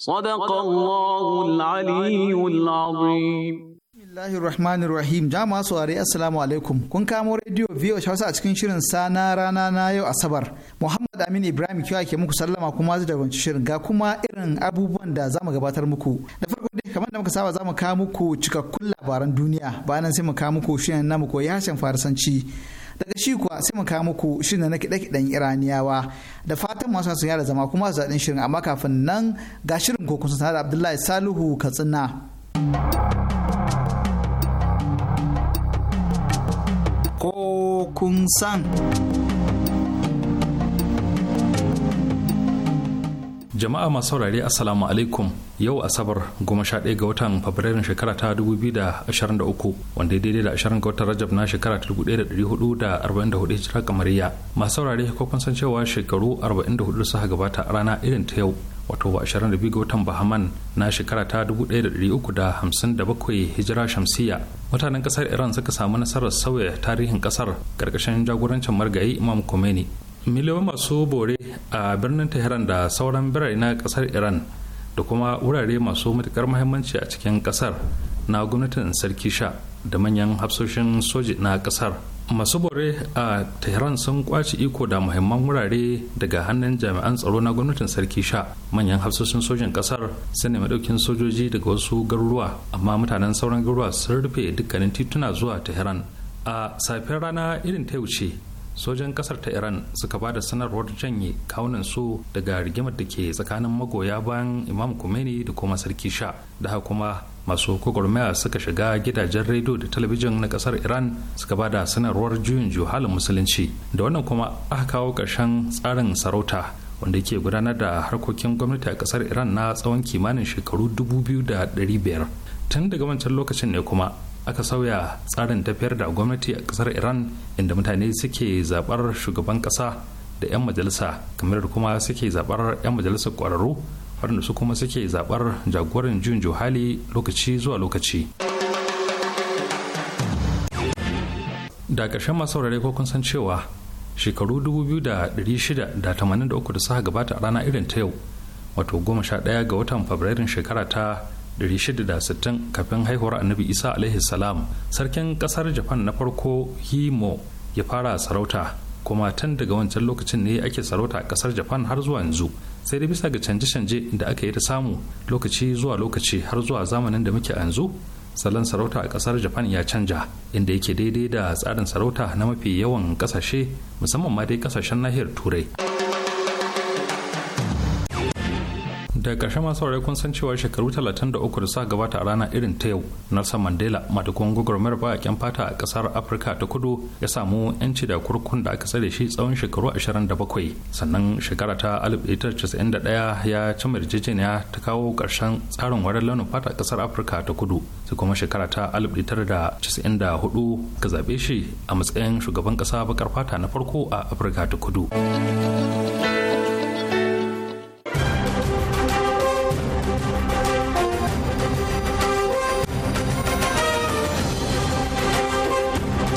صدق الله العلي العظيم Bismillahi Rahmanir Rahim jama'a saurari Assalamu alaikum kun kamo rediyo VO Hausa a cikin shirin sana rana na yau Asabar Muhammad Amin Ibrahim kiwa ke muku sallama kuma zai daga shirin ga kuma irin abubuwan da zamu gabatar muku da farko dai kamar da muka saba za mu kawo muku cikakkun labaran duniya bayan sai mu kawo muku shirin namu ko yashin farisanci daga shi kuwa sai mu kawo muku shirin na kiɗe-kiɗen iraniyawa da fatan masu sun yara zama kuma zaɗin shirin amma kafin nan ga shirin ko kusa da abdullahi salihu katsina ko kun san jama'a masu saurare assalamu alaikum yau asabar goma sha ɗaya ga watan fabrairun shekara ta dubu biyu da ashirin da uku wanda ya daidai da ashirin ga watan rajab na shekara ta dubu ɗaya da hudu da arba'in da hudu hijira kamariya masu saurare ko kun san cewa shekaru arba'in da hudu suka gabata a rana irin ta yau wato ba ashirin da biyu ga watan bahaman na shekara ta dubu ɗaya da uku da hamsin da bakwai hijira shamsiya mutanen ƙasar iran suka samu nasarar sauya tarihin ƙasar ƙarƙashin jagorancin margayi imam khomeini miliyoyin masu bore a birnin tehran da sauran birane na kasar iran da kuma wurare masu matukar muhimmanci a cikin kasar na gwamnatin sarki sha da manyan hafsoshin soji na kasar masu bore a tehran sun kwaci iko da muhimman wurare daga hannun jami'an tsaro na gwamnatin sarki sha manyan hafsoshin sojin kasar sun nemi daukin sojoji daga wasu garuruwa amma mutanen sauran garuruwa sun rufe dukkanin tituna zuwa tehran a safiyar rana irin ta wuce sojan kasar ta iran suka ba da sanarwar janye kawunan su daga rigimar da ke tsakanin magoya bayan imam kumeni da kuma sarki sha da haka kuma masu gwagwarmaya suka shiga gidajen rediyo da talabijin na kasar iran suka ba da sanarwar juyin juhalin musulunci da wannan kuma aka kawo ƙarshen tsarin sarauta wanda ke gudanar da harkokin gwamnati a kasar iran na tsawon kimanin shekaru dubu biyu da biyar tun daga wancan lokacin ne kuma aka sauya tsarin tafiyar da gwamnati a kasar iran inda mutane suke zabar shugaban kasa da 'yan majalisa kamar da kuma suke zabar 'yan majalisar kwararru waɗanda su kuma suke zabar jagoran juyin johali lokaci zuwa lokaci da ƙarshen masu saurare ko kun san cewa shekaru 2683 da suka gabata a rana irin ta yau wato 11 ga watan fabrairun shekara ta sittin kafin haihuwar annabi isa alaihi salam sarkin kasar japan na farko himo ya fara sarauta kuma tun daga wancan lokacin ne ake sarauta a kasar japan har zuwa yanzu sai da bisa ga canje-canje da aka yi ta samu lokaci zuwa lokaci har zuwa zamanin da muke yanzu salon sarauta a kasar japan ya canja inda yake daidai da tsarin sarauta na mafi yawan kasashe musamman ma dai kasashen nahiyar turai da ƙarshe masu saurari kun san cewa shekaru 33 da suka gabata a rana irin ta yau nelson mandela matakon gwagwarmayar baƙin fata a ƙasar afirka ta kudu ya samu yanci da kurkun da aka tsare shi tsawon shekaru 27 sannan shekara ta 1991 ya cimma yarjejeniya ta kawo ƙarshen tsarin warar launin fata a ƙasar afirka ta kudu sai kuma shekara ta 1994 ka zaɓe shi a matsayin shugaban ƙasa baƙar fata na farko a afirka ta kudu.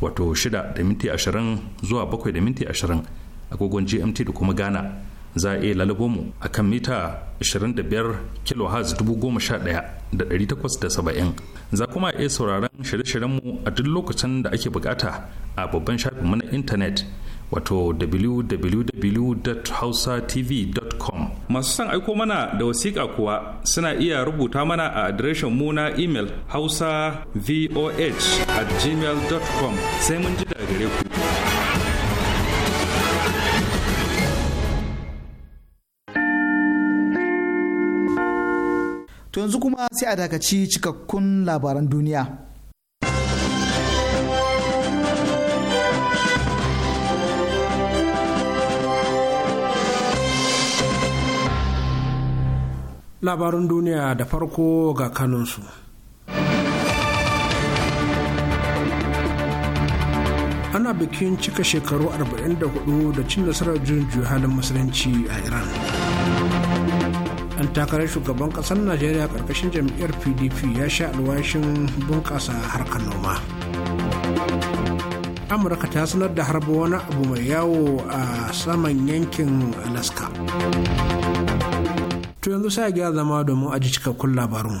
wato 6 da zuwa 7 da minti 20 agogon gmt da kuma ghana za a iya lalubo mu a kan mita 25 kHz 11870 za kuma iya sauraron shirye-shiryenmu a duk lokacin da ake bukata a babban shafinmu na intanet wato www.hausatv.com masu son aiko mana da wasiƙa kuwa suna iya rubuta mana a adireshin mu na imel hausa voh at gmail.com sai mun ji daga gare ku. To yanzu kuma sai a dakaci cikakkun labaran duniya. labarun duniya da farko ga kanunsu. ana bikin cika shekaru 44 da cin nasarar juyin halin musulunci a iran an takarar shugaban kasar najeriya karkashin jam'iyyar pdp ya sha alwashin bunƙasa harkar noma amurka ta sanar da harba wani abu mai yawo a saman yankin alaska to yanzu sai gyara zama domin aji cikakkun labarun.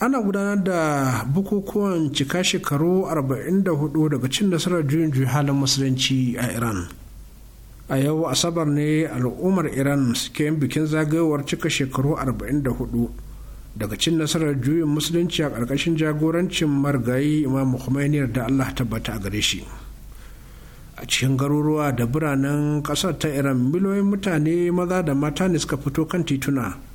ana gudanar da bukukuwan cika shekaru 44 daga cin nasarar juyin juyin halin musulunci a iran a yau asabar ne al'ummar iran suke yin bikin zagayowar cika shekaru 44 daga cin nasarar juyin musulunci a ƙarƙashin jagorancin margayi imam khomeini da allah tabbata a gare shi a cikin garuruwa da biranen ƙasar ta iran miliyoyin mutane maza da mata ne suka fito kan tituna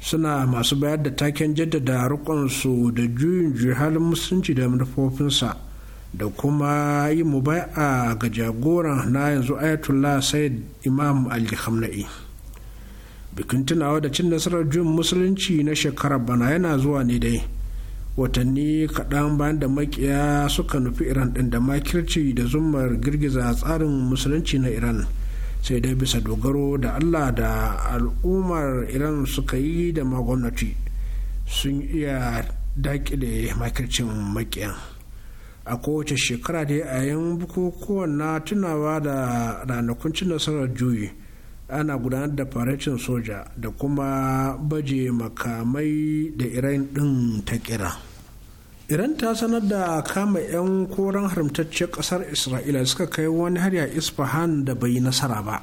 suna masu bayar da taken jaddada rukunsu da juyin halin musulunci da manufofinsa da kuma yi mubaya ga jagoran na yanzu ayatollah said imam ali bikin tunawa da cin nasarar juyin musulunci na shekarar bana yana zuwa ne dai watanni kaɗan bayan da makiya suka nufi iran ɗin da makirci da zumar girgiza tsarin musulunci na iran sai dai bisa dogaro da allah da al'ummar iran suka yi da ma sun iya dakile makircin makiyan a kowace shekara dai a yin bukukuwan na tunawa da ranakun cin nasarar juyi ana gudanar da faracin soja da kuma baje makamai da iran din ta kira. iran ta sanar da kama 'yan koren haramtacciyar kasar isra'ila suka kai wani hari a isfahan da bai nasara ba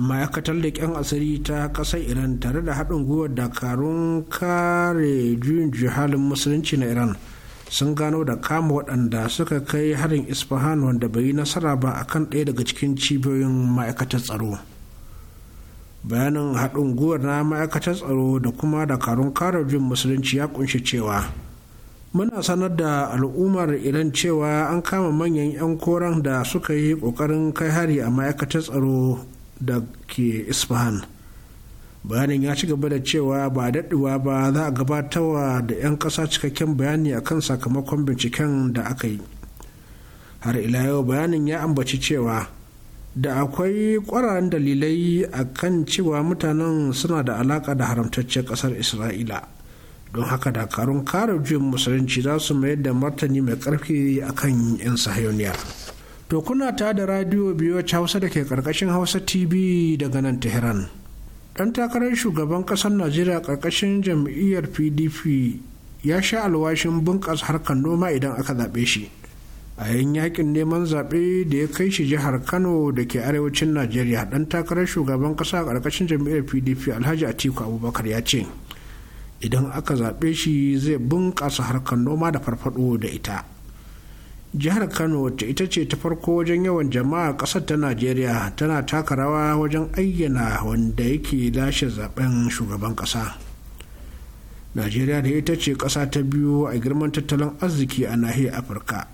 ma'aikatar da kyan asiri ta kasar iran tare da haɗin gwiwar dakarun kare juyin jihalin musulunci na iran sun gano da kama waɗanda suka kai harin isfahan wanda bai nasara ba a kan ɗaya daga cikin cibiyoyin ma'aikatar tsaro bayanin haɗin gwiwar na ma'aikatar tsaro da kuma dakarun kare juyin musulunci ya kunshi cewa muna sanar da al'ummar iran cewa an kama manyan 'yan koran da suka yi kokarin kai hari a ma'aikatar tsaro da ke isfahan bayanin ya ci gaba da cewa ba daɗewa ba za a gabatarwa da 'yan ƙasa cikakken bayani akan sakamakon binciken da aka yi har ila yau bayanin ya ambaci cewa da akwai ƙwararren dalilai akan cewa mutanen suna da alaƙa da haramtaccen ƙasar isra'ila don haka dakarun kare juyin musulunci za su mayar da martani mai karfi kan 'yan sahayoniya to kuna ta da radio biyu hausa da ke karkashin hausa tv daga nan tehran dan takarar shugaban kasar najeriya karkashin jam'iyyar pdp ya sha alwashin bunƙasa harkar noma idan aka zaɓe shi a yin yakin neman zaɓe da ya kai shi jihar kano da ke arewacin najeriya dan takarar shugaban ƙasa a ƙarƙashin jam'iyyar pdp alhaji atiku abubakar ya ce idan aka zaɓe shi zai bunƙasa harkar noma da farfaɗo da ita jihar kano wacce ita ce ta farko wajen yawan jama'a ƙasar ta najeriya tana taka rawa wajen ayyana wanda yake lashe zaben shugaban ƙasa najeriya da ita ce ƙasa ta biyu a girman tattalin arziki a nahiyar afirka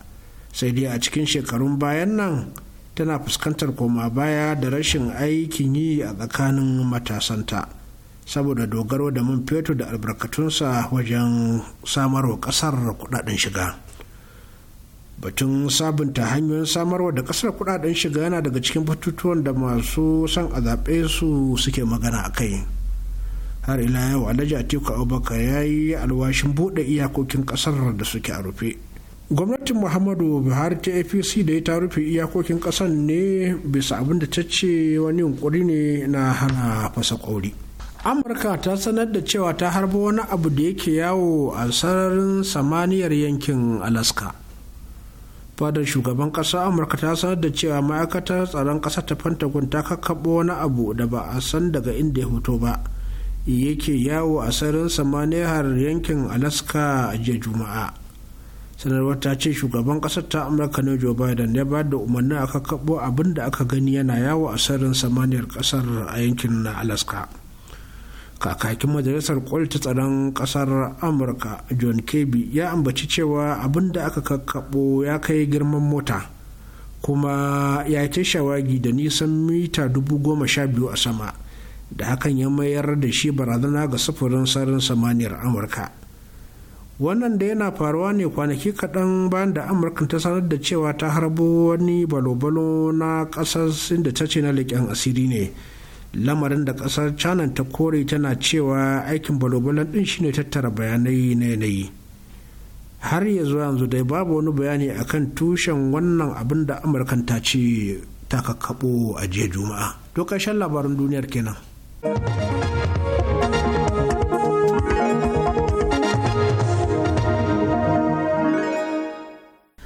sai dai a cikin shekarun bayan nan tana fuskantar koma baya da rashin aikin yi a tsakanin matasanta. saboda dogaro da man fetur da albarkatunsa wajen samarwa kasar kudaden shiga batun sabunta hanyoyin samarwa da kasar kudaden shiga yana daga cikin batutuwan da masu son a zaɓe su suke magana a kai har ila yau alhaji atiku abubakar ya yi alwashin buɗe iyakokin kasar da suke a rufe gwamnatin muhammadu buhari ta apc da ta rufe iyakokin kasar ne bisa abin da ta ce wani yunkuri ne na hana fasa ƙauri. amurka ta sanar da cewa ta harba wani abu da yake yawo a sararin samaniyar yankin alaska fadar shugaban kasa amurka ta sanar da cewa ma'aikatar tsaron kasa ta pentagon ta kakkaɓo wani abu da ba a san daga inda ya hoto ba yake yawo a sararin samaniyar yankin alaska a jiya juma'a sanarwar ta ce shugaban ƙasar ta amurka ne joe biden ya ba da umarni a kakkaɓo abin da aka gani yana yawo a sararin samaniyar ƙasar a yankin na alaska kakakin majalisar ta tsaron kasar amurka john kirby ya ambaci cewa abin da aka kakkaɓo ya kai girman mota kuma ya ce shawagi da nisan mita dubu goma sha biyu a sama da hakan ya mayar da shi barazana ga sufurin sararin samaniyar amurka wannan da yana faruwa ne kwanaki kaɗan bayan da amurka ta sanar da cewa ta harbo wani balobalo na ƙasar da ta ce na leƙen asiri ne lamarin da kasar china ta kore tana cewa aikin balobalan din shine tattara bayanai na yanayi har ya zuwa yanzu dai babu wani bayani akan tushen wannan abin da amurkan ta ce ta kakabo a jiya juma'a to ƙarshen labarin duniyar kenan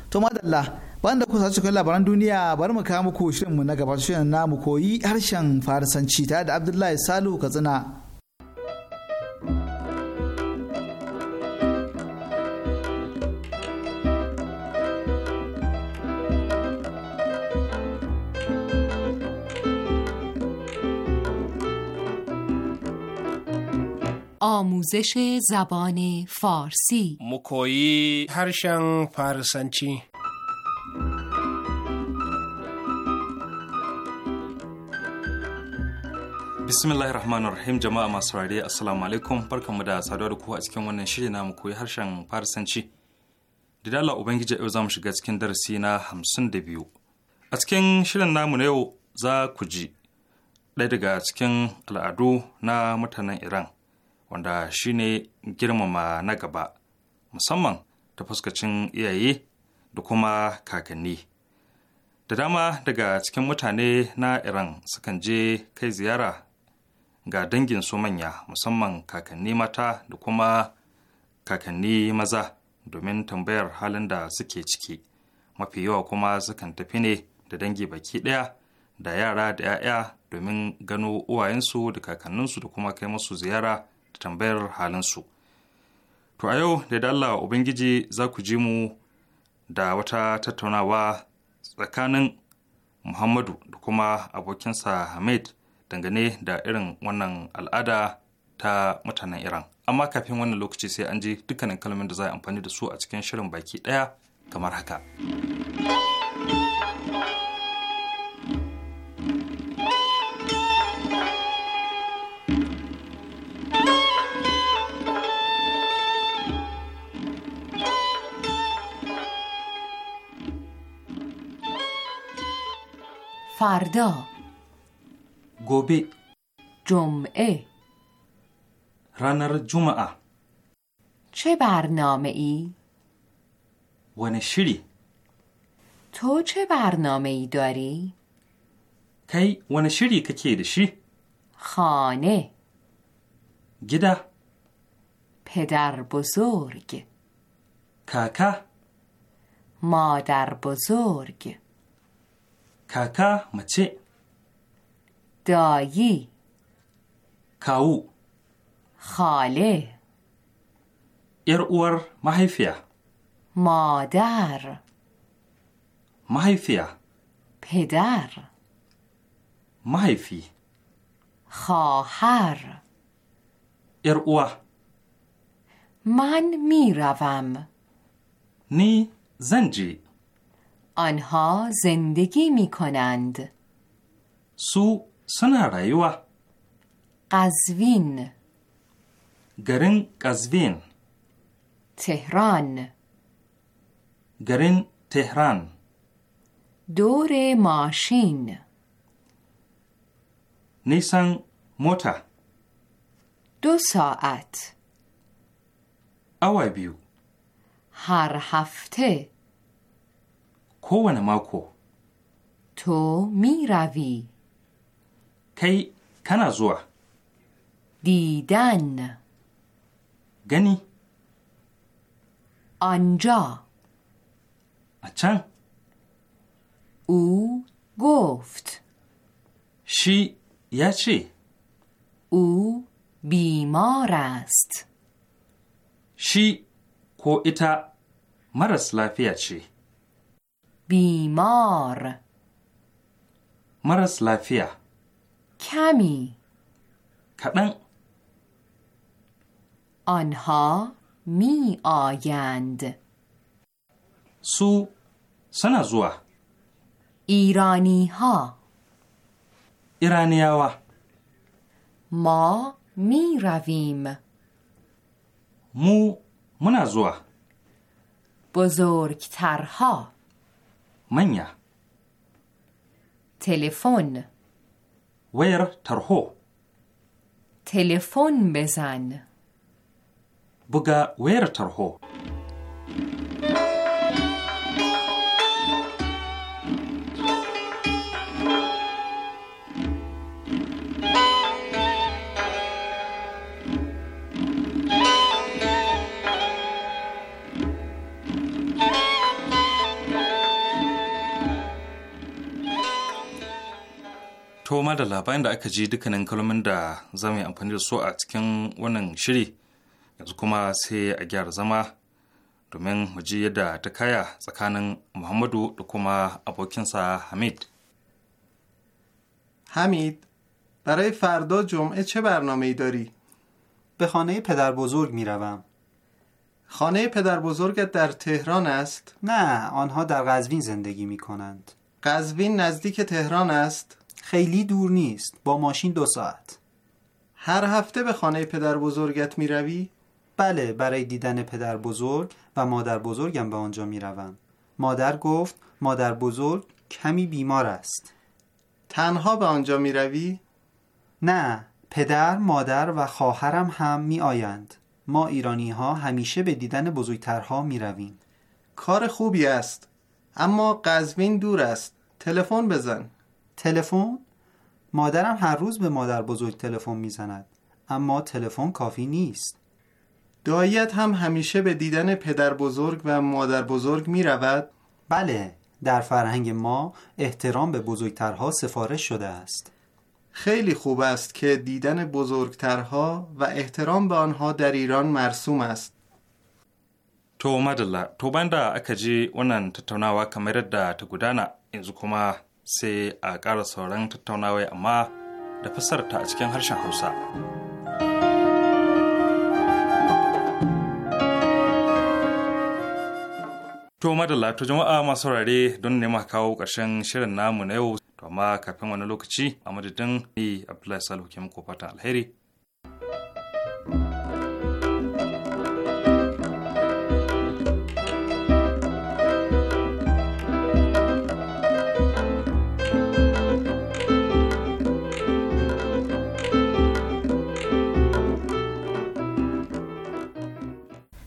to madalla Banda kusa cikin labaran duniya bari mu kawo muku shirinmu na gaba shirin namu koyi harshen Farisanci ta da Abdullahi Salu Katsina. آموزش زبان فارسی مکویی هرشن فارسنچی bismillahir rahmanir rahim jama'a masu rari assalamu alaikum barkanmu da saduwa da kowa a cikin wannan shiri namu koyi harshen farisanci didala ubangiji yau za mu shiga cikin darasi na hamsin da biyu a cikin shirin namu na yau za ku ji ɗaya daga cikin al'adu na mutanen iran wanda shine girmama na gaba musamman ta fuskacin iyaye da kuma kakanni da dama daga cikin mutane na iran sukan je kai ziyara ga dangin su manya musamman kakanni mata da kuma kakanni maza domin tambayar halin da suke ciki mafi yawa kuma sukan tafi ne da dangi baki ɗaya da yara da 'ya'ya domin gano uwayensu da kakanninsu da kuma kai musu ziyara da tambayar halinsu to a yau da Allah ubangiji za ku ji mu da wata tattaunawa tsakanin muhammadu da kuma abokinsa hamid dangane da irin wannan al'ada ta mutanen iran amma kafin wannan lokaci sai an je dukkanin kalmomin da za a amfani da su a cikin shirin baki ɗaya kamar haka فردا gobe جمعه رانر جمعه چه برنامه ای؟ ونشری تو چه برنامه ای داری؟ کی ونشری که دشی خانه گده پدر بزرگ کاکا مادر بزرگ کاکا مچه دایی کاو خاله اور محیفیه مادر محیفیه پدر محیفی خواهر ارور من میروم نی زنجی آنها زندگی می کنند سو suna rayuwa. Qazvin. Garin Qazvin. Tehran. Garin Tehran. Dore mashin. Nisan mota. Do sa'at. Awa biyu. Har hafte. Kowane mako. To miravi. ravi. kai kana zuwa didan gani anja a can u goft shi ya ce u bimar shi ko ita maras lafiya ce bimar maras lafiya کمی کدن آنها می آیند سو زوا ایرانی ها ایرانیاوه ما می رویم مو زوا بزرگترها منیا تلفن ویر ترهو تلفن بزن بگا ویر ترهو To ma da labarin da aka ji dukkanin kalmomin da za mu yi amfani da su a cikin wannan shiri yanzu kuma sai a gyara zama domin mu ji yadda ta kaya tsakanin Muhammadu da kuma abokinsa Hamid. Hamid, برای فردا جمعه چه برنامه ای داری؟ به خانه پدر بزرگ می روم. خانه پدر بزرگت در تهران است؟ نه، آنها در قزوین زندگی می کنند. قزوین نزدیک تهران است؟ خیلی دور نیست با ماشین دو ساعت هر هفته به خانه پدر بزرگت می روی؟ بله برای دیدن پدر بزرگ و مادر بزرگم به آنجا می روم. مادر گفت مادر بزرگ کمی بیمار است تنها به آنجا می روی؟ نه پدر، مادر و خواهرم هم می آیند ما ایرانی ها همیشه به دیدن بزرگترها می رویم کار خوبی است اما قزوین دور است تلفن بزن تلفن مادرم هر روز به مادر بزرگ تلفن میزند اما تلفن کافی نیست داییت هم همیشه به دیدن پدر بزرگ و مادر بزرگ می رود؟ بله در فرهنگ ما احترام به بزرگترها سفارش شده است خیلی خوب است که دیدن بزرگترها و احترام به آنها در ایران مرسوم است تو مدلا تو بنده اکجی اونن wannan tattaunawa kamar ta gudana sai a ƙara sauran tattaunawa amma da fasarta a cikin harshen hausa. To madalla to jama'a masu saurare don nema kawo ƙarshen shirin namu na yau to amma kafin wani lokaci a madadin ni Abdullahi Salihu ke muku fatan alheri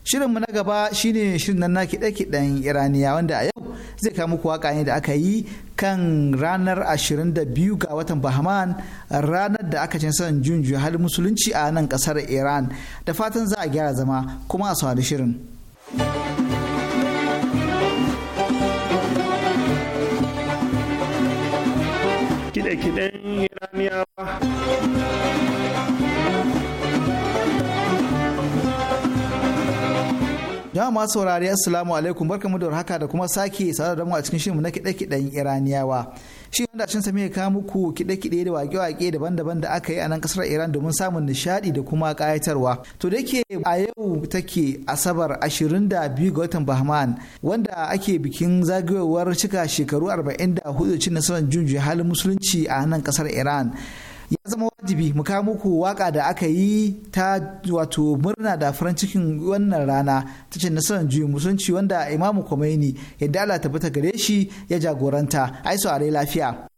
Shirinmu na gaba shine shirin nan na kiɗe-kiɗen Iraniya wanda a yau zai kawo muku waka ne da aka yi kan ranar 22 ga watan bahaman ranar da aka cin san junju halin musulunci a nan ƙasar Iran da fatan za a gyara zama kuma a saurari shirin. Kiɗe-kiɗen Iraniyawa. Yawa masu saurari assalamu alaikum barkamu da haka da kuma sake sadar da mu a cikin shirinmu na kiɗe-kiɗen Iraniyawa. Shi wanda cin sami kawo muku kiɗe-kiɗe da waƙe-waƙe daban-daban da aka yi a nan ƙasar Iran domin samun nishaɗi da kuma kayatarwa. To da ke a yau take Asabar 22 ga watan Bahman wanda ake bikin zagayowar cika shekaru 44 cin nasarar junjun halin musulunci a nan kasar Iran. ya zama wajibi mu kawo muku waka da aka yi ta wato murna da farin cikin wannan rana ta ce nasarar juyin musulunci wanda imamu kwamaini yadda Allah tabbata gare shi ya jagoranta ai saurare lafiya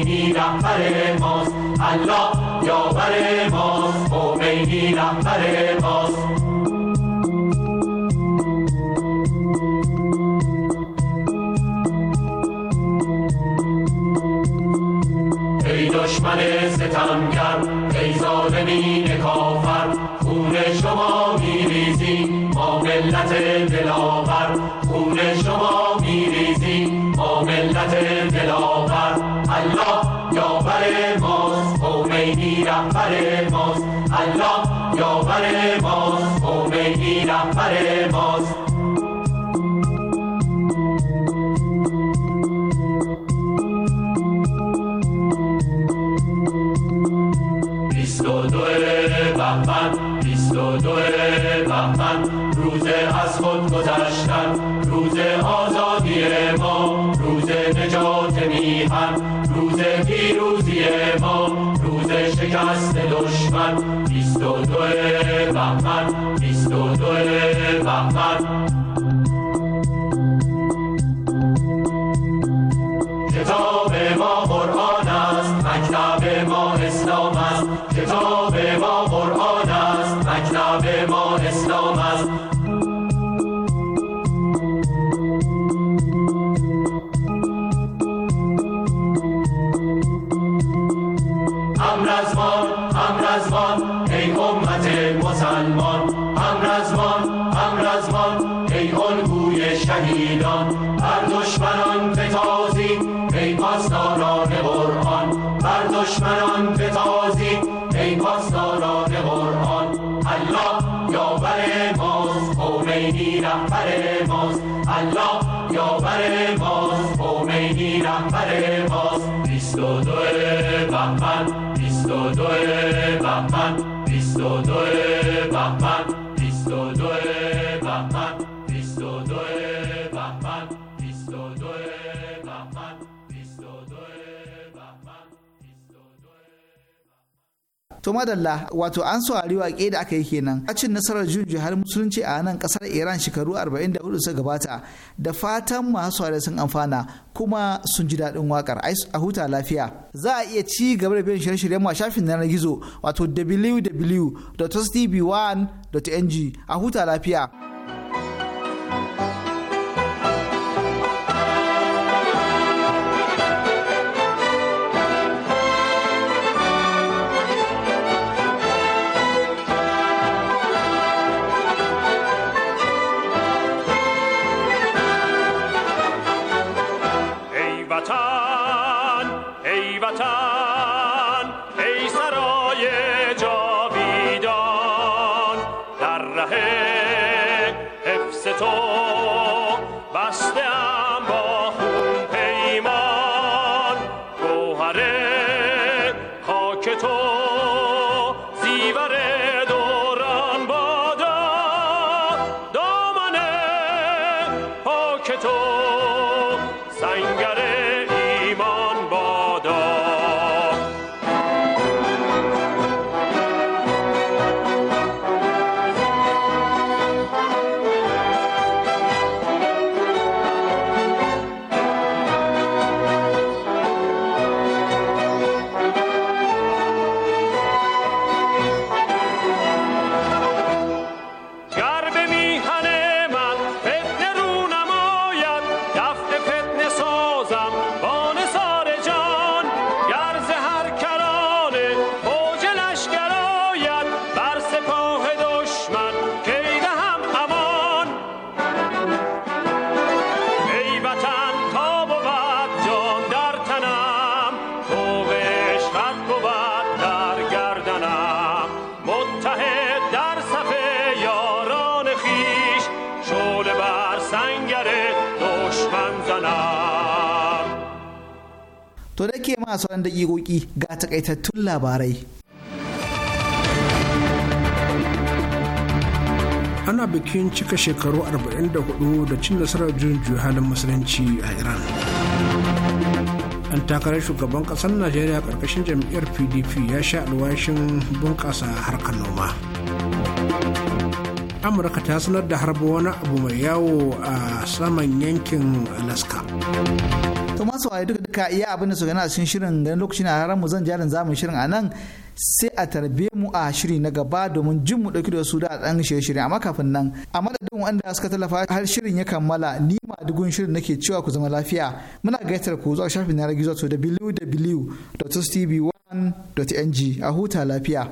خمینی رهبر ماست الله یاور ماست خمینی رهبر ماست دشمن ستمگر ای ظالمی کافر خون شما میریزیم ما ملت دلاور خون شما یاور ماست الله روز از خود گذشتن روز آزادی روز نجات میهن روز پیروزی ما شکست دشمن بیست و دو بهمن بیست و دو بهمن کتاب ما قرآن است مکتب ما اسلام است کتاب ما قرآن است مکتب ما اسلام Yo lloraremos, oh Medina, haremos, Allah, lloraremos, oh Medina, veremos. Cristo doe Batman, Cristo doe Batman, Cristo doe Batman. to madalla wato an saurari waƙe da aka yi kenan a cin nasarar juyin har musulunci a nan kasar iran shekaru 44 suka gabata da fatan masu saurari sun amfana kuma sun ji daɗin waƙar a huta lafiya za a iya ci gaba da biyan shirye-shiryen ma shafin na gizo wato www.tv1.ng a huta lafiya. sauran daƙiƙoƙi ga takaitattun labarai. Ana bikin cika shekaru 44 da cin nasarar juju halin musulunci a Iran. An takarar shugaban ƙasar Najeriya ƙarƙashin jam'iyyar PDP ya sha alwashin bunƙasa harkar noma. Amurka ta sanar da harba wani abu mai yawo a saman yankin Alaska. masu waye duka duka iya abin da su gana sun shirin ganin lokaci na haram mu zan jarin zamu shirin a nan sai a tarbe mu a shiri na gaba domin jin mu dauki da su da dan shirye shirye amma kafin nan a madadin wanda suka tallafa har shirin ya kammala ni ma dugun shirin nake cewa ku zama lafiya muna gaitar ku zuwa shafin na gizo to www.tv1.ng a huta lafiya